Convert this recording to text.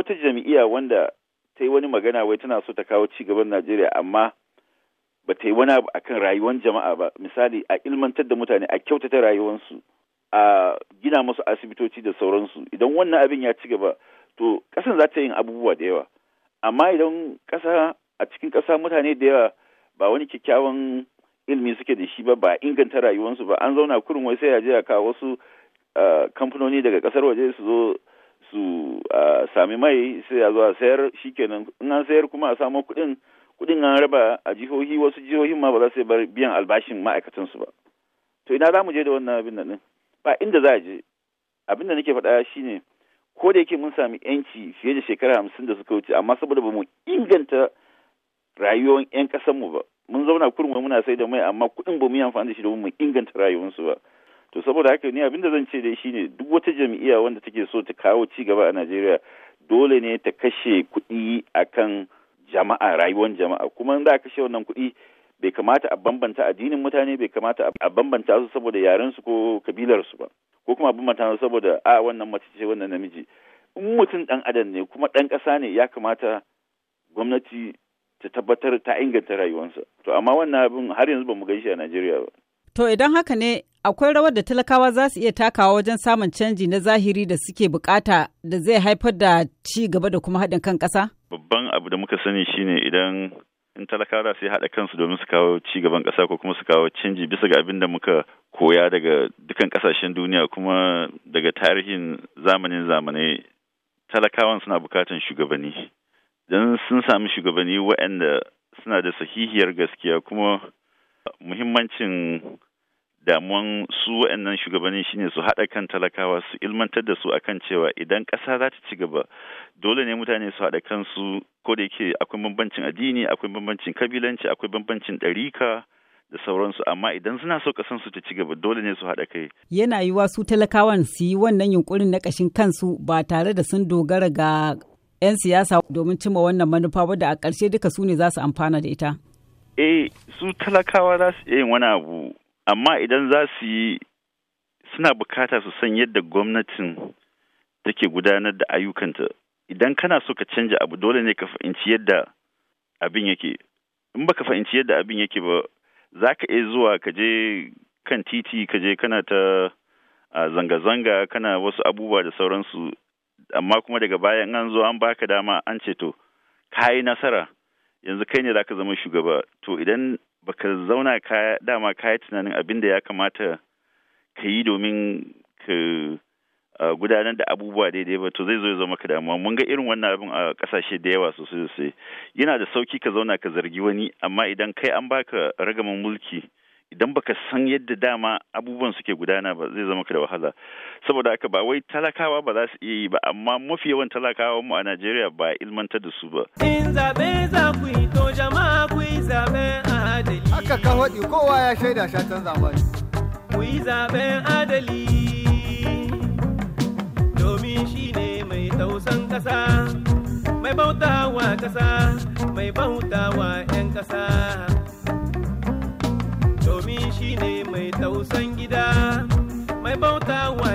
wata jam'iyya wanda ta yi wani magana wai tana so ta kawo ci gaban Najeriya amma ba ta yi wani abu akan rayuwar jama'a ba misali a ilmantar da mutane a kyautata rayuwarsu a gina musu asibitoci da sauransu idan wannan abin ya ci gaba to kasan za ta yin abubuwa da yawa amma idan kasa a cikin kasa mutane da yawa ba wani kyakkyawan ilmi suke da shi ba ba inganta rayuwarsu ba an zauna kurin wai sai ya je ya kawo wasu eh, kamfanoni daga kasar waje su zo su a sami mai sai a zo a sayar shikenan in an sayar kuma a samo kuɗin kuɗin an raba a jihohi wasu jihohin ma ba za su bar biyan albashin ma'aikatan su ba to ina za mu je da wannan abin nan ba inda za a je abin da nake faɗa shine ko da yake mun sami yanci fiye da shekara hamsin da suka wuce amma saboda ba mu inganta rayuwar 'yan ƙasarmu ba mun zauna kurmi muna sai da mai amma kuɗin ba mu yi amfani da shi domin mu inganta rayuwarsu ba to saboda haka ne abinda zan ce dai shine duk wata jam'iyya wanda take so ta kawo ci gaba a Najeriya dole ne ta kashe kuɗi akan jama'a rayuwar jama'a kuma in za a kashe wannan kuɗi bai kamata a bambanta addinin mutane bai kamata a bambanta su saboda yaren su ko kabilar su ba ko kuma a bambanta su saboda a wannan mace ce wannan namiji in mutum dan adam ne kuma dan kasa ne ya kamata gwamnati ta tabbatar ta inganta rayuwarsa to amma wannan abin har yanzu ba mu gaishe a Najeriya ba To idan haka ne akwai rawar da talakawa za su iya takawa wajen samun canji na zahiri da suke bukata da zai haifar da ci gaba da kuma haɗin kan ƙasa? Babban abu da muka sani shine idan in talakawa su haɗa kansu domin su kawo ci gaban ƙasa ko kuma su kawo canji bisa ga abin da muka koya daga dukan ƙasashen duniya kuma daga tarihin zamanin zamanai talakawan suna bukatan shugabanni. Don sun sami shugabanni waɗanda suna da sahihiyar gaskiya kuma muhimmancin damuwan su wa'annan shugabanni shine su haɗa kan talakawa su ilmantar da su akan cewa idan ƙasa za ta ci gaba dole ne mutane su haɗa kansu ko da yake akwai bambancin addini akwai bambancin kabilanci akwai bambancin ɗarika da sauransu amma idan suna so kasan su ta ci gaba dole ne su haɗa kai. Yana yiwa su talakawan su yi wannan yunkurin na ƙashin kansu ba tare da sun dogara ga 'yan siyasa domin cimma wannan manufa wadda a ƙarshe duka su ne za su amfana da ita. Eh su talakawa za su yin wani abu amma idan za su yi suna bukata su san yadda gwamnatin take gudanar da ayyukanta idan kana so ka canja abu dole ne ka fahimci yadda abin yake in baka fahimci yadda abin yake ba za ka iya zuwa ka je kan titi ka je kana ta zanga-zanga kana wasu abubuwa da sauransu amma kuma daga bayan an zo an baka dama an ce to ka yi nasara yanzu kai ne za ka zama shugaba to idan baka zauna kaya dama kaya tunanin abin da ya kamata ka yi domin ka gudanar da abubuwa daidai ba to zai zo ya zama ka damuwa mun ga irin wannan abin a kasashe da yawa sosai sosai yana da sauki ka zauna ka zargi wani amma idan kai an baka ragaman mulki idan baka san yadda dama abubuwan suke gudana ba zai zama ka da wahala saboda haka ba wai talakawa ba za su iya yi ba amma mafi yawan talakawa mu a Najeriya ba ilmantar da su ba in haka ka faɗi kowa ya shaida shatan zamani. Ku yi zaɓen adali domin shi ne mai tausan ƙasa, mai bautawa ƙasa, mai bautawa 'yan ƙasa. Domin shi ne mai tausan gida, mai bautawa